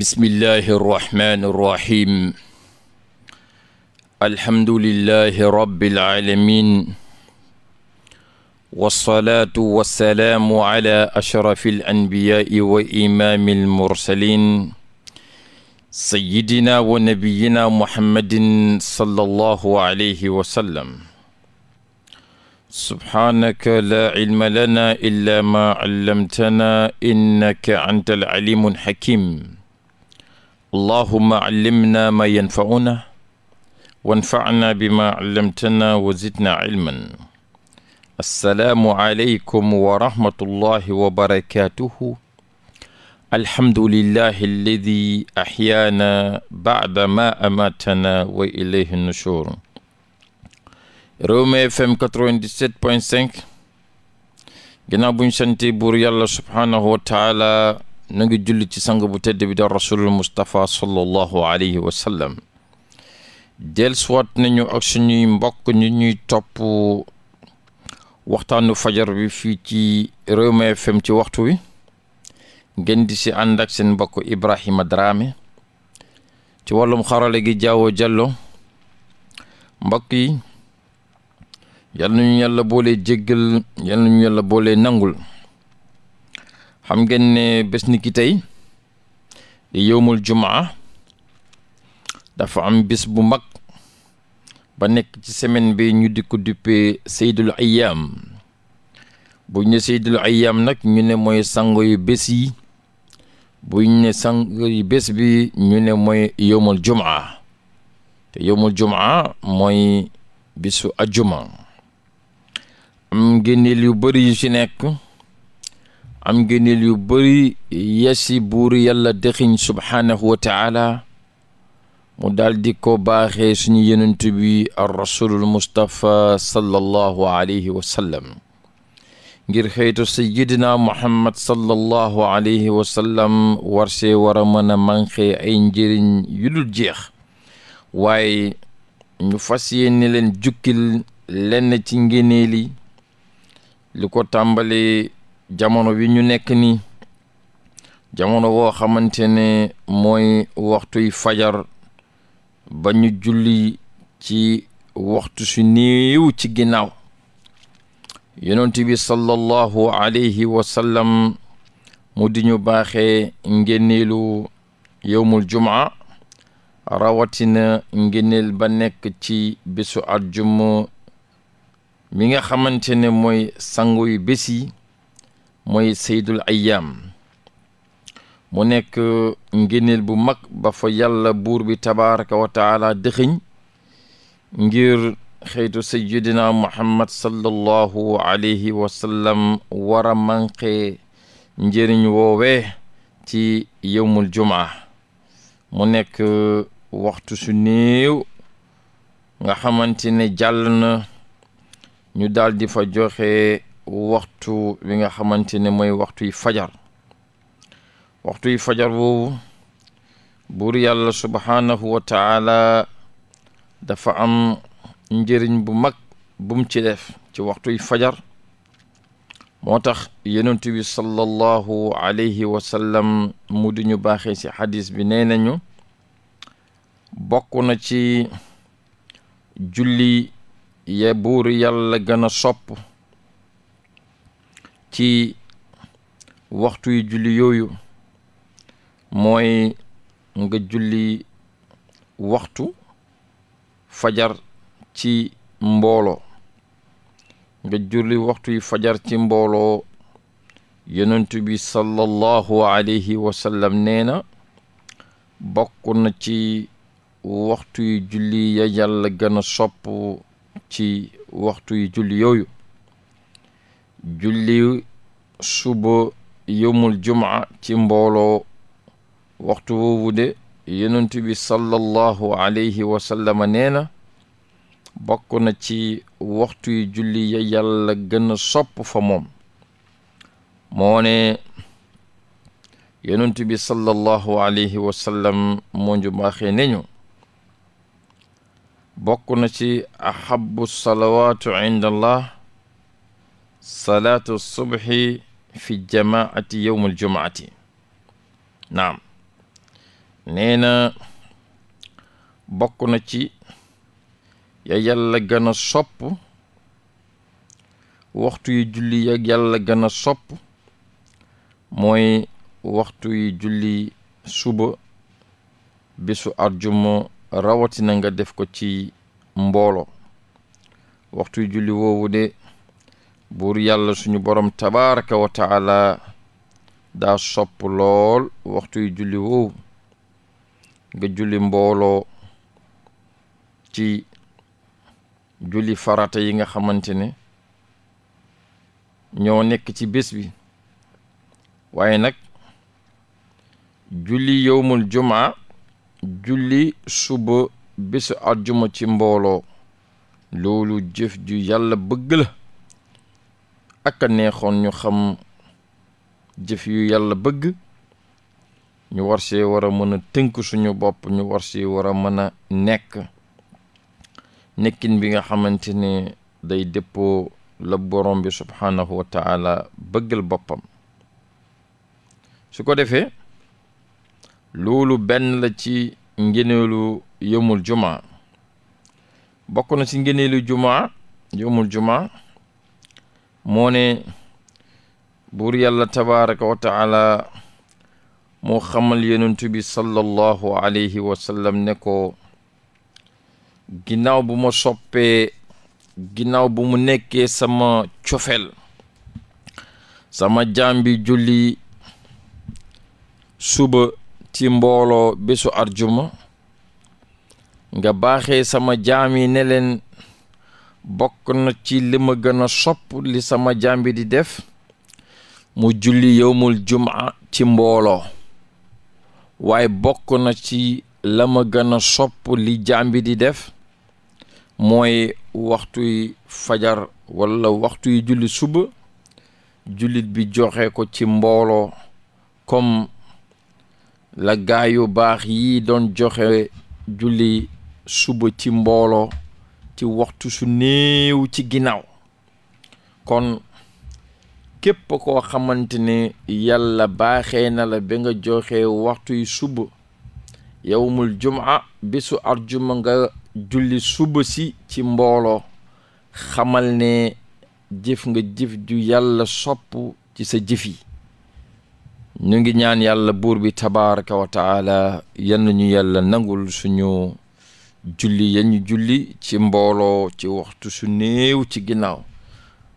bismillahi arrahmani arrahim alhamdulillahi rabbil alamin wasalaatu wasalaamu ala ashrafi alanbiyaai wa imaami almursalin sayidina wa nabiyina muhammadin sallallahu alayhi wa sallam subhaanaka laa cilma lanaa illaa maa callamtanaa innaka anta alcalimu alxakim allahuma callimna ma yanfa'una wanfa'na bima allamtana wa zidna ilman assalaamu aleykum wa rahmatullahi wa barakatuhu alhamdulillahi alladi ahyaana ba'da ma amatana wa ilayhi nushur Rewmi FM 97.5 ginnaaw buñ sante buur yàlla subhaanahu wa taala na ngi julli ci sang bu tedd bi da rasulul mustapha sallallahu alayhi wa sallam del suwaat nañu ak suñuy mbokk ñu ñuy topp waxtaanu fajar bi fii ci Rewmi FM ci waxtu wi ngeen si ànd ak seen mbokk Ibrahima Dramé ci wàllum xarala gi Jaawo Jallo mbokk yi yal nañu yàlla boole jéggal yal nañu yàlla boole nangul xam ngeen ne bés ni ki tey di yowmul jumaa dafa am bés bu mag ba nekk ci semaine bi ñu di ko duppee seydul ayam bu ñu ne seydul ayam nag ñu ne mooy sango yu bés yi bu ñu ne sango yu bés bi ñu ne mooy yowmul jumaa te yowmul jumaa mooy bisu ajuma am ngénneel yu bari yu ci nekk am ngëneel yu bari yasi buur yàlla dëxiñ subhaanahu wa taala mu daal di ko baaxee suñu yenent bi ar rasulul mustapha sallallahu alayhi wa sallam ngir xëytu sayidina muhammad sallallahu alayhi wa sallam war see war a mën a manxee ay njëriñ yu dul jeex waaye ñu fas yéene leen jukkil lenn ci ngëneeli li ko tàmbalee jamono bi ñu nekk nii jamono woo xamante ne mooy waxtuy fajar ba ñu julli ci waxtu su néew ci ginnaaw yonent bi sallallahu alayhi sallam mu di ñu baaxee ngénneelu yowmul jumaa rawatina ngénneel ba nekk ci bésu àjjuma mi nga xamante ne mooy sanguy bés yi mooy seydul ayyaam mu nekk ngéneel bu mag ba fa yàlla buur bi tabaraka wa taala dëxiñ ngir xëytu sayidina muhammad sallallahu alayhi wa sallam war a manqee njëriñ woowee ci yowmul jumaa mu nekk waxtu su néew nga xamante ne jàll na ñu daldi fa joxe waxtu wi nga xamante ne mooy waxtu yi fajar waxtu yi fajar boobu buur yàlla subhaanahu wa taala dafa am njëriñ bu mag bum ci def ci waxtu fajar moo tax yonent bi sallallahu alayhi wa sallam mu di ñu baaxee ci xadis bi nee nañu bokk na ci julli ya buur yàlla gën a sopp ci waxtu yu julli yooyu mooy nga julli waxtu fajar ci mbooloo nga julli waxtu yu fajar ci mbooloo yonent bi sallallahu alayhi wasalam nee na bokk na ci waxtu julli ya yàlla gën a sopp ci waxtu yu julli yooyu julli suba yowmul jumaa ci mbooloo waxtu woowu de yonent bi alayhi wa sallama nee na bokk na ci waxtu yu julli ya yàlla gën a sopp fa moom moo ne yonent bi sallallahu alayhi wa sallam moo ñu baaxee ñu bokk na ci ahabu salawaatu inda salaatu subhi fi jamaati yowmul jumaati naam nee na bokk na ci ya yàlla gën sopp waxtu yu julli ya yàlla gana a sopp mooy waxtu yi julli suba bisu arjuma rawatina nga def ko ci mboolo waxtu yu julli woowu de buur yàlla suñu borom tabaraka wa daa sopp lool waxtu yu julli woowu nga julli mbooloo ci julli farata yi nga xamante ne ñoo nekk ci bés bi waaye nag julli yowmul jumaa julli suba bésu àjjuma ci mbooloo loolu jëf ju yàlla bëgg la ak neexoon ñu xam jëf yu yàlla bëgg ñu war see war a mën a tënk suñu bopp ñu war see war a mën a nekk nekkin bi nga xamante ne day dëppoo la borom bi subhaanahu wa taala bëggal boppam su ko defee loolu benn la ci ngëneelu yëmul jumaa bokk na ci ngëneelu jumaa yëmul jumaa moone ne buur yàlla tabaraka wa taala moo xamal yonent bi sallallahu alayhi wa ne ko ginnaaw bu ma soppee ginnaaw bu mu nekkee sama cofel sama jaambi julli suba ci mbooloo bésu arjuma nga baaxe sama jaam yi ne bokk na ci li ma gën a sopp li sama jàmbi di def mu julli yowmul jumaa ci mbooloo waaye bokk na ci la ma gën a sopp li jàmbi di def mooy waxtuy fajar walla waxtuy julli suba jullit bi joxe ko ci mbooloo kom la gaayu baax yi doon joxe julli suba ci mbooloo ci waxtu su néew ci ginnaaw kon képp koo xamante ne yàlla baaxee na la ba nga joxe waxtu yi suba yowmul jumaa bésu arjuma nga julli suba si ci mbooloo xamal ne jëf nga jëf ju yàlla sopp ci sa jëf yi ñu ngi ñaan yàlla buur bi tabaraka wa taala ñu yàlla nangul suñu julli ya julli ci mbooloo ci waxtu su néew ci ginnaaw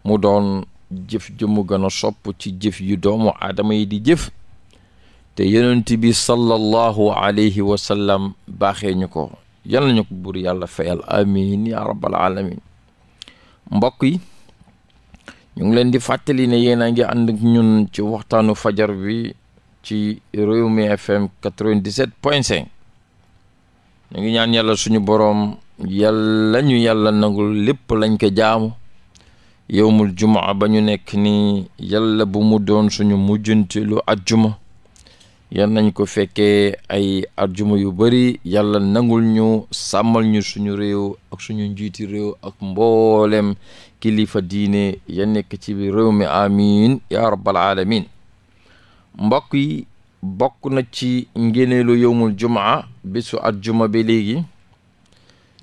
mu doon jëf ju mu sopp ci jëf yu doomu aadama yi di jëf te yonent bi sallallahu alayhi wa sallam baaxee ñu ko yal lañu ko buur yàlla fayal amin ya rabbal alamin mbokk yi ñu ngi leen di fàttali ne yéen a ngi ànd ak ñun ci waxtaanu fajar bi ci mi FM 97 point ñu ngi ñaan yàlla suñu borom yàlla ñu yàlla nangul lépp lañ ko jaamu yowmul jumaa ba ñu nekk ni yàlla bu mu doon suñu mujjantilu ajjuma yal nañ ko fekkee ay ajjuma yu bari yàlla nangul ñu sàmmal ñu suñu réew ak suñu njiiti réew ak mboolem kilifa diine ya nekk ci biir réew mi amin ya rabbal alamin mbokk yi bokk na ci ngéneelu yowmul jumaa bisu àjjuma bi léegi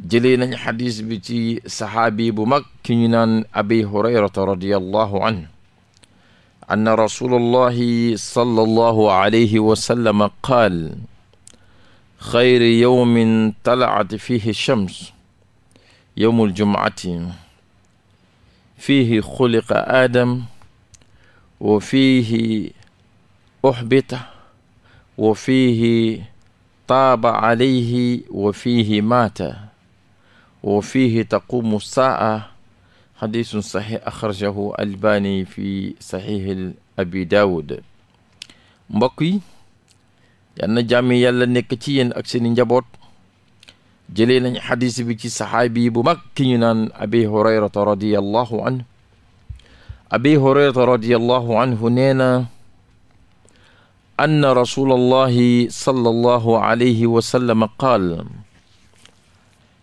jëlee nañ xadis bi ci saxaabi bu mag ki ñu naan abi hurayrata radiallahu anhu anna rasulullahi sallallahu alayhi wa sallama qaal xayru yowmin talaat fihi shams yowmul jumaati fiihi xuliqa aadam wa fiihi uxbita wa fiihi taaba alayhi wa fiihi maata wa fiihi taqumu saa xadisun saxix albani fi saxixil abi daawud mbokk yi yal na jàmmi nekk ci yéen ak seeni njaboot jëlee nañ xadis bi ci saxaabi bu mag ki ñu naan abi hurayrata radiallahu anhu anhu nee anna rasulallahi sallallahu alayhi wa sallam qaal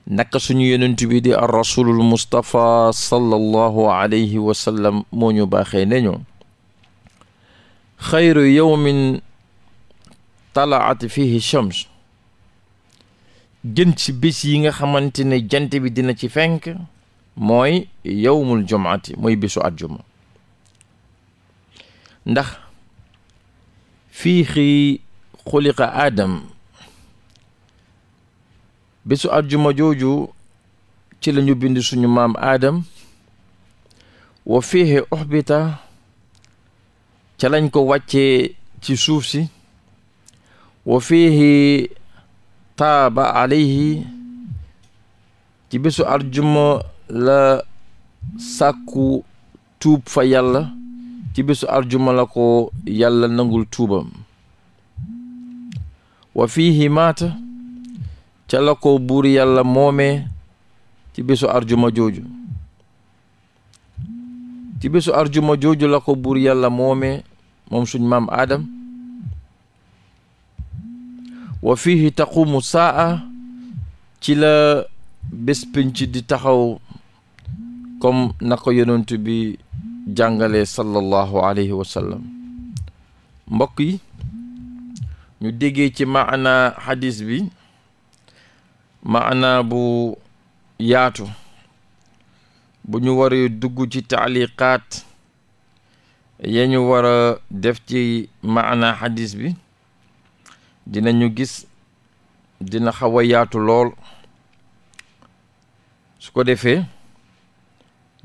naka suñu yonent bi di ar rasulul mustapha sallallahu alayhi wa sallam moo ñu baaxee nañu xayru yowmin talaat fihi shams gën ci bés yi nga xamante ne jant bi dina ci fenk mooy yowmul jumaati mooy bésu àjjuma ndax fiixi xuliqa aadam bésu àjjuma jooju ci lañu bind suñu maam aadam wa fiixi uxbita ca lañ ko wàccee ci suuf si wa fiixi taaba alayhi ci bésu àjjuma la sàkku tuub fa yàlla ci bésu arjuma la ko yàlla nangul tuubam wa fiihi maata ca la ko buur yàlla moomee ci bésu arjuma jooju ci bésu arjuma jooju la ko buur yàlla moomee moom suñ maam aadam wa fiihi taqumu saa ci la bés pénc di taxaw comme na ko yonent bi jàngale sallallahu alayhi wa sallam mbokk yi ñu déggee ci maana xadis bi maana bu yaatu bu ñu waree dugg ci taaliqaat ya ñu war a def ci maana xadis bi dinañu gis dina xaw a yaatu lool su ko defee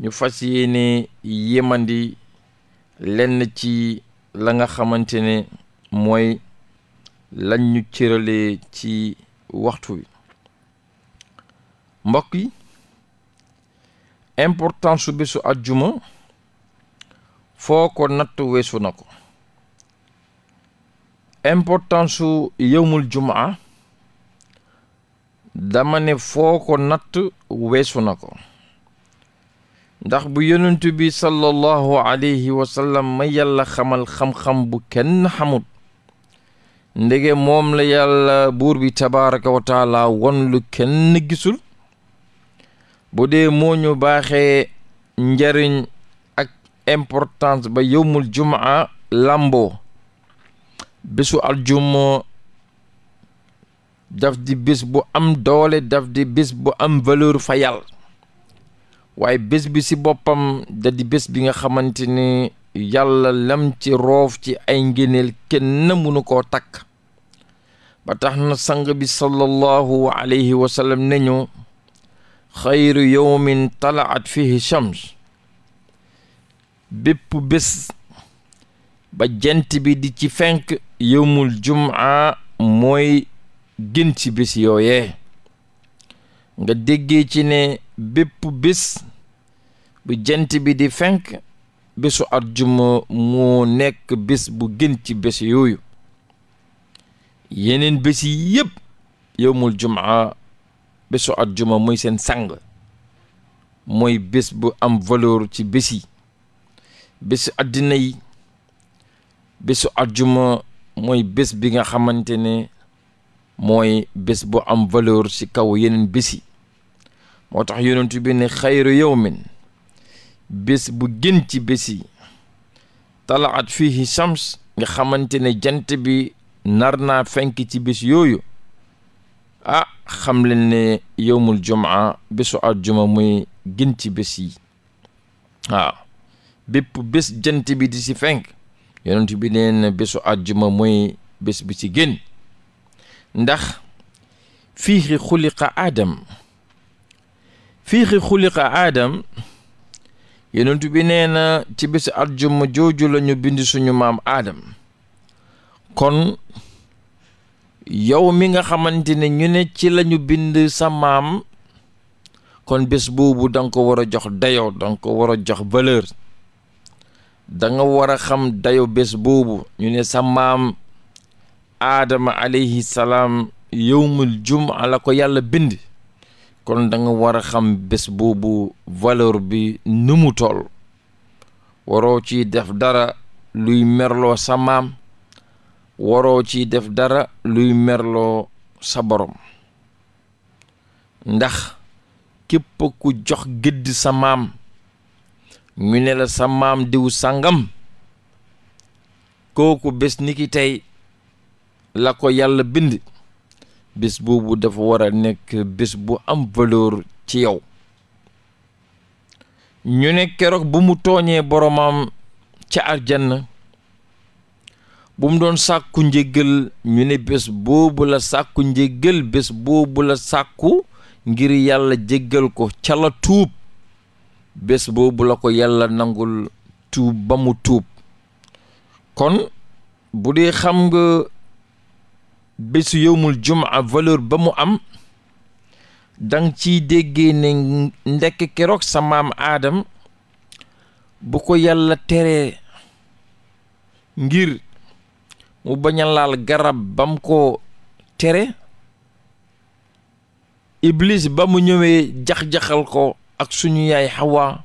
ñu fas yéene yémandi lenn ci la nga xamante ne mooy lañ ñu cëralee ci waxtu wi mbokk yi importance su bésu àjjuma foo ko natt weesu na ko importance su yowmul jumaa dama ne foo ko natt weesu na ko ndax bu yonent bi sallallahu alayhi wa sallam ma yàlla xamal xam-xam bu kenn xamut ndege moom la yàlla buur bi tabaaraka wa won lu kenn gisul bu dee moo ñu baaxee njariñ ak importance ba yowmul jumaa làmboo bésu aljuma daf di bés bu am doole daf di bés bu am valeur fa yàlla waaye bés bi ci boppam da bés bi nga xamante ni yàlla lam ci roof ci ay ngéneel kenn mënu ko takk ba tax na sang bi sallallahu alayhi wa nañu xayru yowmin talaat fihi shams bépp bés ba jant bi di ci fenk yowmul jumaa mooy gën ci bés yooyee nga déggee ci ne bépp bés bu jant bi di fenk bésu àjjuma moo nekk bés bu gën ci bés yooyu yeneen bés yi yëpp yowmul jumaa bésu juma mooy seen sang mooy bés bu am valeur ci bés yi bésu àddina yi bésu àjjuma mooy bés bi nga xamante ne mooy bés bu am valeur ci kaw yeneen bés yi moo tax yonent bi ne xayru yawmin bés bu gën ci bés yi talaat fihi sams nga xamante ne jant bi nar naa fenk ci bés yooyu ah xam leen ne yowmul jumaa bésu ajuma muy gën ci bés yi waaw ah, bépp bés jant bi di si fenk yonent bi nee na bésu àjjuma mooy bés bi ci gën ndax fiihi xuliqa aadam fiixi xuliqa aadam yonent bi nee na ci bisu àjjuma jooju lañu bind suñu maam aadam kon yow mi nga xamante ne ñu ne ci lañu bind sa maam kon bés boobu da nga ko war a jox dayo da ko war a jox valeur danga nga war a xam dayo bés boobu ñu ne sa maam aadama alayhi salaam yowmul jumaa la ko yàlla bind kon da war a xam bés boobu valeur bi nu mu toll waroo ci def dara luy merloo sa waroo ci def dara luy merloo sa borom ndax képp ku jox gëdd sa maam ñu ne la sa maam diw sàngam kooku bés ni ki tey la ko yàlla bind bés boobu dafa war a nekk bés bu am valeur ci yow ñu ne keroog bu mu tooñee boromam ca arjanna bu mu doon sàkku njéggal ne bés boobu la sàkku njéggal bés boobu la sàkku ngir yàlla jëggal ko ca la tuub bés boobu la ko yàlla nangul tuub ba mu tuub kon bu dee xam nga bésu yowmul jumaa valeur ba mu am dang ciy déggee ne ndekk keroog sa maam aadam bu ko yàlla teree ngir mu bañ a laal garab ko tere iblis ba mu ñëwee jax-jaxal ko ak sunu yaay xawaa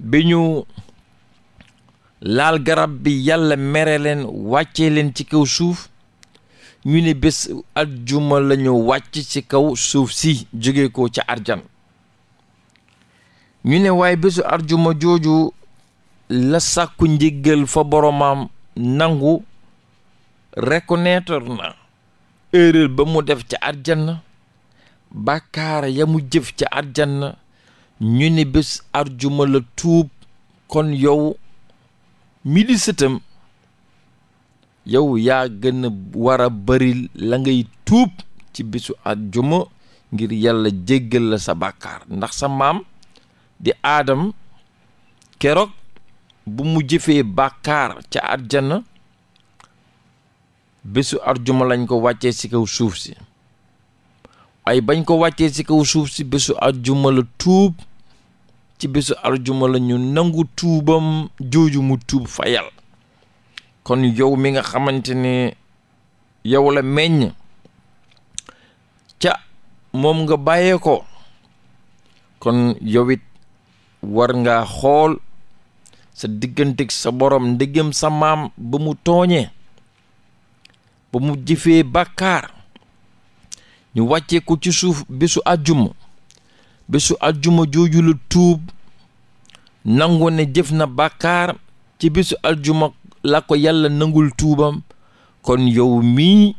bi ñu laal garab bi yàlla mere leen wàcce leen ci kaw suuf ñu ne bés aljuma la wàcc ci kaw suuf si jóge ko ca arjan ñu ne waaye bésu arjuma jooju la sàkku njéggal fa boroomam nangu reconnaître na erreur ba mu def ca arjan bàkkaara ya mu jëf ca arjan ñu ne bés arjuma la tuub kon yow mi yow yaa gën a war a bari la ngay tuub ci bisu àjjuma ngir yàlla jéggal la sa bàkkaar ndax sa maam di aadam keroog bu mu jëfee bàkkaar ca àjjana bésu àjjuma lañ ko wàccee ci kaw suuf si waaye bañ ko wàccee ci kaw suuf si bésu àjjuma la tuub ci bésu arjuma la ñu nangu tuubam jooju mu tuub fayal kon yow mi nga xamante ne yow la meññ ca moom nga bàyyee ko kon yowit war nga xool sa digganteeg sa borom ndegem sa maam ba mu tooñee ba mu jëfee bàkkaar ñu wàccee ko ci suuf bésu àjjuma bésu aljuma jooju la tuub nangu ne jëf na bàkkaar ci bésu aljuma la ko yàlla nangul tuubam kon yow mii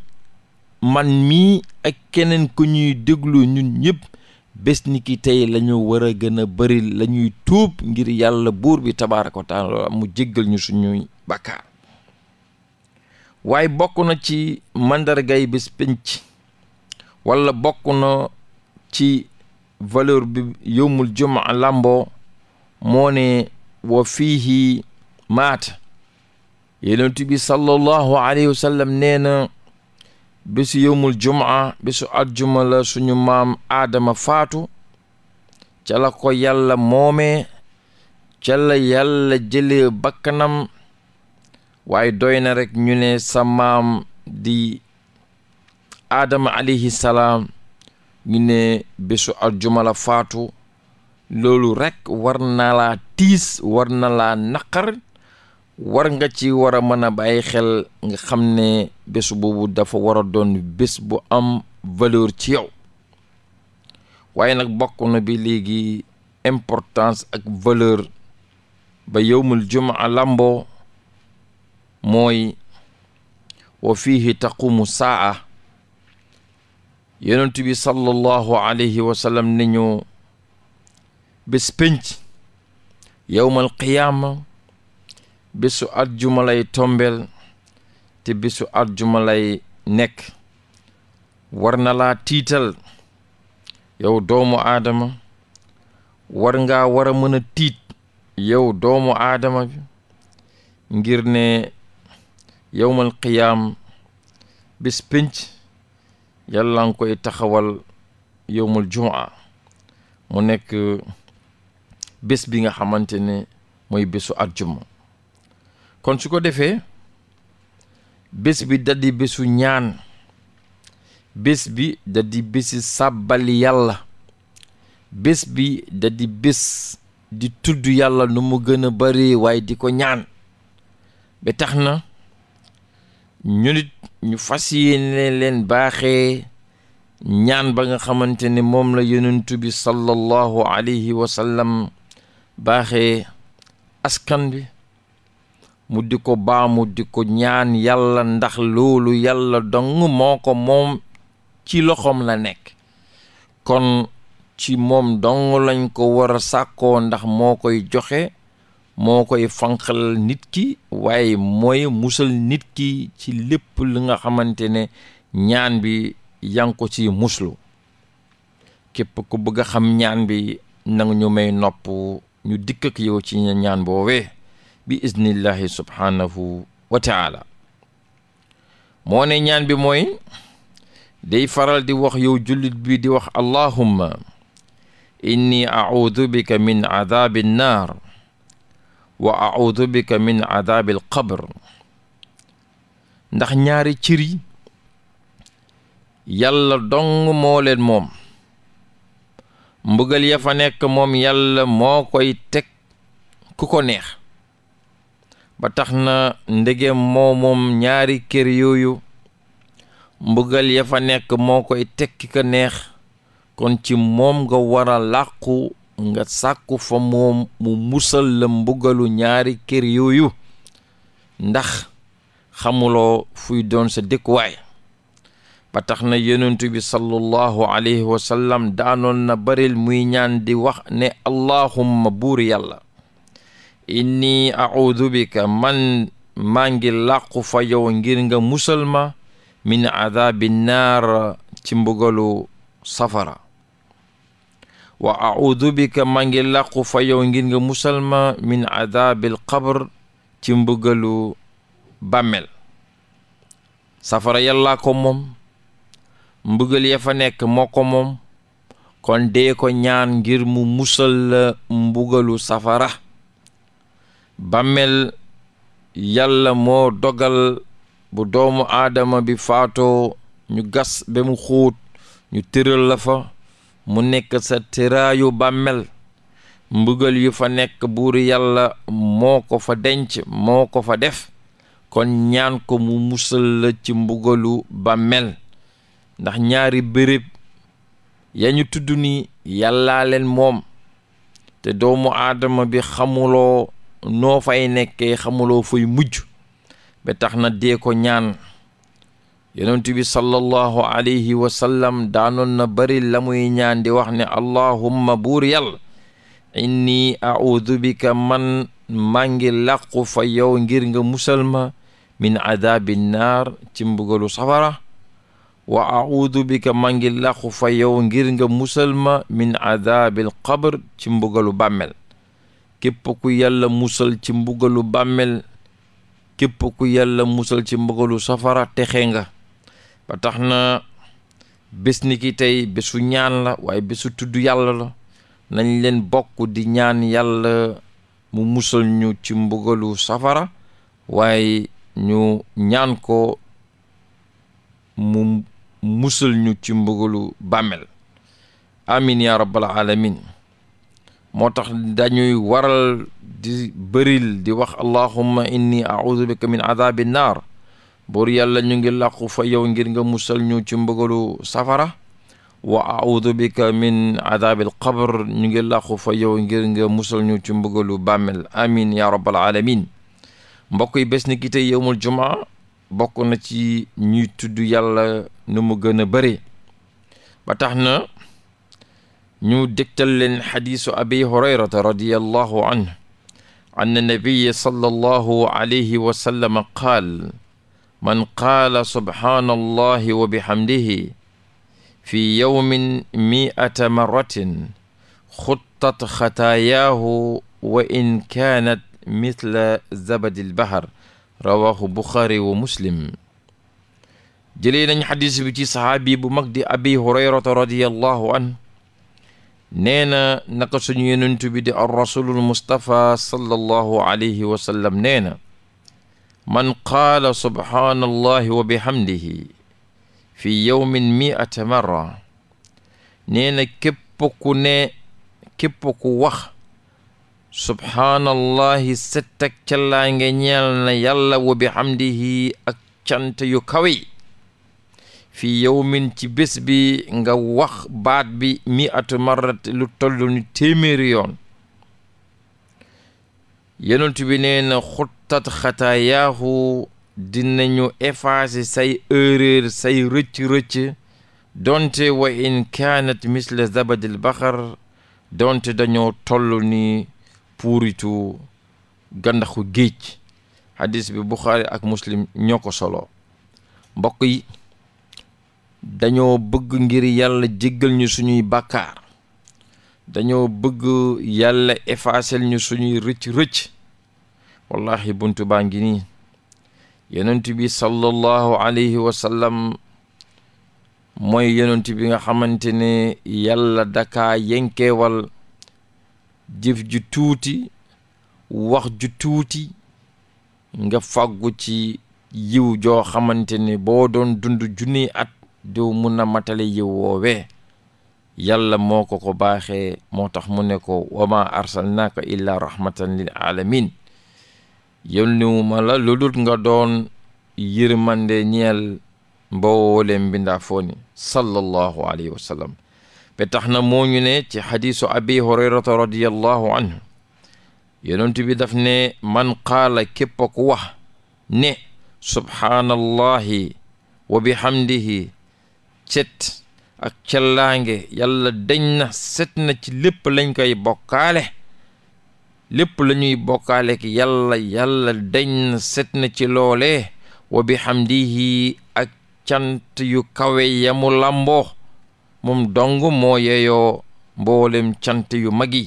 man mii ak keneen ku ñuy déglu ñun ñëpp bés ni ki tey lañu ñu war a gën a bëri la tuub ngir yàlla buur bi tabaaraka wa mu jéggal ñu suñuy bàkkaar waaye bokk na ci mandargay bés pénc walla bokk na ci valeur bi yowmul jumaa làmboo moo ne wa fiihi maata yonent bi sallallahu alayhi wa sallam nee na bésu yowmul jumaa bésu aljuma suñu maam aadama faatu ca la ko yàlla moome ca la yàlla bakkanam waaye doy na rek ñu ne sa maam di aadama alayhi salaam ñu ne bésu àjjuma la faatu loolu rekk war na laa tiis war na laa naqar war nga ci war a mën a bàyyi xel nga xam ne bésu boobu dafa war a doon bés bu am valeur ci yow waaye nag bokk na bi léegi importance ak valeur ba yowmul juma làmboo mooy wa fiihi taqumu saa yonent bi sallallahu alayhi wa sallam ni ñu bés pénc yowmal qiyaama bésu àjjuma lay tombeel te bésu àjjuma lay nekk war na laa tiital yow doomu aadama war ngaa a mën a tiit yow doomu aadama ngir ne yowmal qiyaam bés yàlla nga koy taxawal yowmul jumaa mu nekk bés bi nga xamante ne mooy bésu àjjuma kon su ko defee bés bi daddi bésu ñaan bés bi daddi bési sàbbali yàlla bés bi daddi bés di tudd yàlla nu mu gën a bare waaye di ko ñaan ba tax na ñu nit ñu fas yéene leen baaxe ñaan ba nga xamante ni moom la yonent bi sallallahu alayhi wa sallam baaxee askan bi mu di ko baamu di ko ñaan yàlla ndax loolu yàlla dong moo ko moom ci loxoom la nekk kon ci moom dong lañ ko war a sàkkoo ndax moo koy joxe moo koy fanqal nit ki waaye mooy musal nit ki ci lépp lu nga xamante ne ñaan bi yaa ko ci muslu képp ku bëgg a xam ñaan bi nanga ñu may nopp ñu dikk yow ci ñaan boowee bi iznillahi subhaanahu wa taala moo ne ñaan bi mooy day faral di wax yow jullit bi di wax allahumma inni a'uudu bika min adaabin naar wa audu bika min adaabil qabr ndax ñaari cër yàlla dong moo leen moom mbugal ya fa nekk moom yàlla moo koy teg ku ko neex ba tax na ndegem moo moom ñaari kër yooyu mbugal ya fa nekk moo koy teg ki ko neex kon ci moom nga war a làqu nga sàkku fa mu musal mbugalu ñaari kër yooyu ndax xamuloo fuy doon sa dëkkuwaay ba tax na yonent bi sallallahu alayhi wa daanoon na baril muy ñaan di wax ne allahumma buur yàlla inni audu bika man maa ngi làqu fa yow ngir nga musal ma min adaabi naar ci mbugalu safara wa audu bika ngi làqu fa yow ngir nga musal min adabil qabr ci mbugalu bàmmel safara yàllaa ko moom mbugal ya fa nekk moko moom kon dee ko ñaan ngir mu musal mbugalu safara bàmmel yàlla moo dogal bu doomu aadama bi faatoo ñu gas ba mu xóot ñu tëral la fa mu nekk sa tëraayu bàmmel mbugal yu fa nekk buur yàlla moo ko fa denc moo ko fa def kon ñaan ko mu musal la ci mbugalu bàmmel ndax ñaari béréb yañu tudd ni yàllaa leen moom te doomu aadama bi xamuloo noo fay nekkee xamuloo fay mujj ba tax na dee ko ñaan ti bi sallallahu alayhi wa daanoon na bari la muy ñaan di wax ne allahumma buur yàlla inni audu bika man maa ngi fa yow ngir nga musal ma min adaabi naar ci mbugalu safara wa audu bika maa ngi fa yow ngir nga musal ma min adaabil qabr ci mbugalu bàmmel képp ku musal ci mbugalu bàmmel képp ku yàlla musal ci mbugalu safara texe nga ba tax na bés ni ki tey bésu ñaan la waaye bésu tudd yàlla la nañ leen bokk di ñaan yàlla mu musal ñu ci mbugalu safara waaye ñu ñaan ko mu musal ñu ci mbugalu bàmmel amin ya rabbal alamin moo tax dañuy waral di bëril di wax allahumma inni a'udhu bika min adabi naar buur yàlla ñu ngi làqu fa yow ngir nga musal ñu ci mbugalu safara wa audu bika min adabil qabr ñu ngi làqu fa yow ngir nga musal ñu ci mbugalu bàmmel amin ya rabbal alamin mbokk yi bés ni ki tey yowmul jumaa bokk na ci ñuy tudd yàlla nu mu gën a bëri ba tax na ñu dégtal leen xadiisu abi hurayrata radiallahu anhu an nabiyi sallallahu alayhi wa sallam qaal man qaala subhaanallahi wa bihamdihi fi yawmin mi'ata marratin xuttat xataayaahu wa in kaanat mithla zabadil bahar rawahu buxaari wa muslim jëlee nañ xadis bi ci saxaabi bu mag di abi hurayrata radiallahu an nee na naka suñu yonent bi di ar rasulul mustapha sallallahu alayhi wa sallam nee na man qaala subhaanallahi wa bihamdihi fi yawmin mi'ata marra nee na ku ne képp ku wax subhaanallahi set ak callaa nga ñeel na yàlla ak cant yu kawe fi yawmin ci bés bi nga wax baat bi mi'atu marrat lu toll ni téeméeri yoon yonent bi nee na xuttat xataayaahu dinañu effacer say erreur say rëcc-rëcc doonte wa in kaanat misla zabadil baxar donte dañoo toll ni puuritu gandaxu géej hadis bi buxaari ak muslim ñoo ko solo mbokk yi dañoo bëgg ngir yàlla jéggal ñu suñuy bàkkaar dañoo bëgg yàlla effacer ñu suñuy rëcc-rëcc wallahi bunt baa ngi nii yonent bi sallallahu alayhi wa mooy yonent bi nga xamante ne yàlla dakaa yenkeewal jëf ju tuuti wax ju tuuti nga faggu ci yiw joo xamante ne boo doon dund junniy at doo mun a matale yiw woowee yàlla moo ko baaxe moo tax mu ne ko wama arsalnaaka illa rahmatan lil alamin yónniwuma la lu dul nga doon yërmande ñeel mbooleem mbindaa foo ni alayhi wa sallam tax na moo ñu ne ci xadiisu abi hurayrata radiallahu anhu yonent bi daf ne man qaala képp ku ne subhaanallahi wa bihamdihi cet ak cellaange yàlla deñ na set na ci lépp lañ koy bokkaale lépp lañuy ñuy bokkaale ki yàlla yàlla deñ na set na ci loole wa bi hamdihi ak cant yu kawe yamu làmboo moom dong moo yeyoo mboolem cant yu mag yi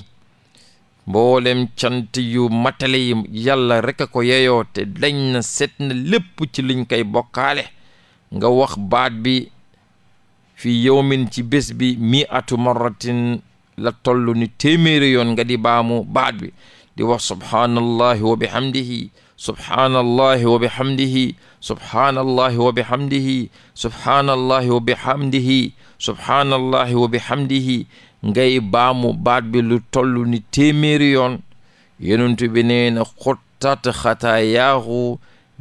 mboolem cant yu matale yi yàlla rek ko yeyoo te dañ na set lépp ci liñ koy bokkaale nga wax baat bi fii yowmin ci bés bi mi atu marratin la toll ni téeméeri yoon nga di baamu baat bi di wax subhaanallahi wa bihamdihi subhaanallahi wa bihamdihi subhaanallahi wa bihamdihi subhaanallahi wa bihamdihi subhaanallahi wa bihamdihi ngay baamu baat bi lu toll ni téeméeri yoon yonent bi nee na xuttat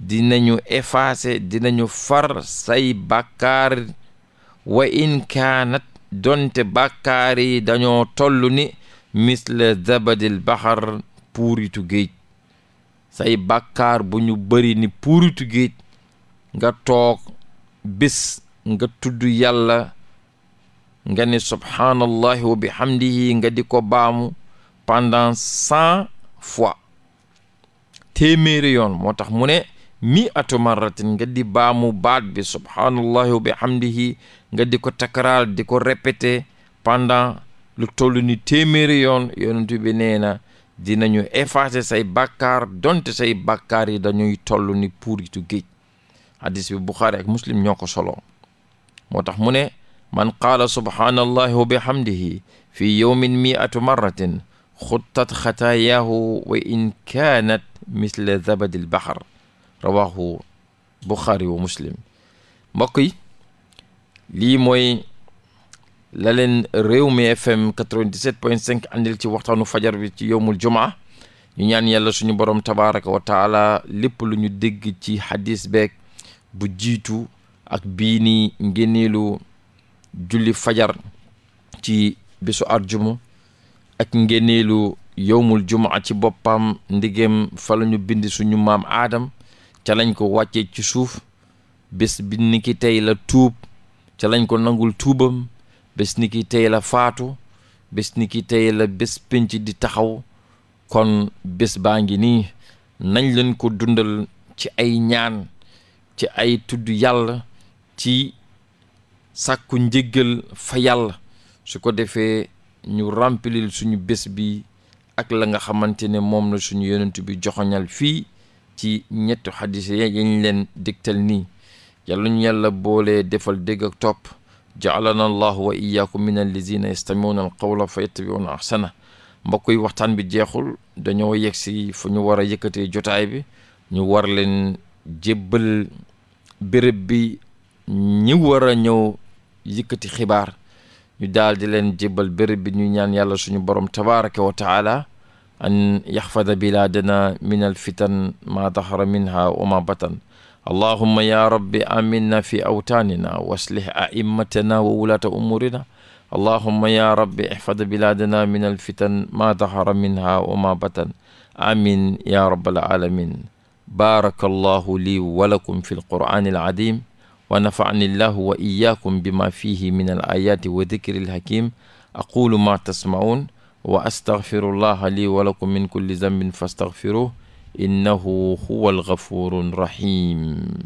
dinañu effacer dinañu far say bàkkaar wa in kaanat donte bàkkaar yi dañoo toll ni misla zabadil bahar puuritu géej say bàkkaar bu ñu bari ni puuritu géej nga toog bés nga tudd yàlla nga ni subhaanallahi wa bihamdihi nga di ko baamu pendant cent fois téeméeri yoon moo tax mu ne mi atu maratin nga di baamu baat bi subhaanallahi wa bihamdihi nga di ko takkaraal di ko répété pendant lu toll ni téeméeri yoon yonent bi nee na dinañu effacer say bàkkaar donte say bakkaar yi dañuy toll ni puuritu géej hadis bi Buxaari ak Muslim ñoo ko solo moo tax mu ne man qaala subhaanallahi wa bihamdihi fi yawmin mi'atu marratin xuttat xataayaahu wa in kaanat misla zabadil bahar rawahu Buxaari wa Muslim yi lii mooy la leen réew mi fm 97.5 andil ci waxtaanu fajar bi ci yowmul jumaa ñu ñaan yàlla suñu boroom tabaraka wa lépp lu ñu dégg ci xadis beeg bu jiitu ak bii ni ngéneelu julli fajar ci bisu arjuma ak ngéneelu yowmul jumaa ci boppam ndigéem fa la ñu bind suñu maam aadam ca lañ ko wàccee ci suuf bés bi niki tey la tuub ca lañ ko nangul tuubam bés ni ki tey la faatu bés ni ki tey la bés pénc di taxaw kon bés baa ngi nii nañ leen ko dundal ci ay ñaan ci ay tudd yàlla ci sàkku njëgal fa yàlla su ko defee ñu ràmpilil suñu bés bi ak la nga xamante ne moom la suñu yonent bi joxoñal fii ci ñetti xadis yañ leen dégtal nii yàlla ñu yàlla boolee defal dégg ak topp jaalana allahu wa iyaakum min allazina yastamiuna alqawla fa yattabiuna ahsana mbokk yi waxtaan bi jeexul dañoo yegg si fu ñu war a yëkkatee jotaay bi ñu war leen jébbal béréb bi ñi war ñëw yëkkati xibaar ñu daal di leen jébbal béréb bi ñu ñaan yàlla suñu borom tabaraka wa taala an yaxfada bilaadana min alfitan ma dahara minha wa ma batan allahumma ya rabbi aminna fi awtaanina wa aslih a'immatana wa wulaata umuurina allahumma ya rabbi ihfad bilaadana min alfitan ma dahara minha wa ma batan amin ya rabbal alamin baaraka allahu lii wa lakum fi lqur'aani al'adim wa nafa'ani allahu wa iyaakum bima fihi min alayaati wa dikri alhakim aqulu ma tasma'un wa astaghfirullaha lii wa lakum min kulli zambin fastaghfiruhu innahu huwa alghafurun rahim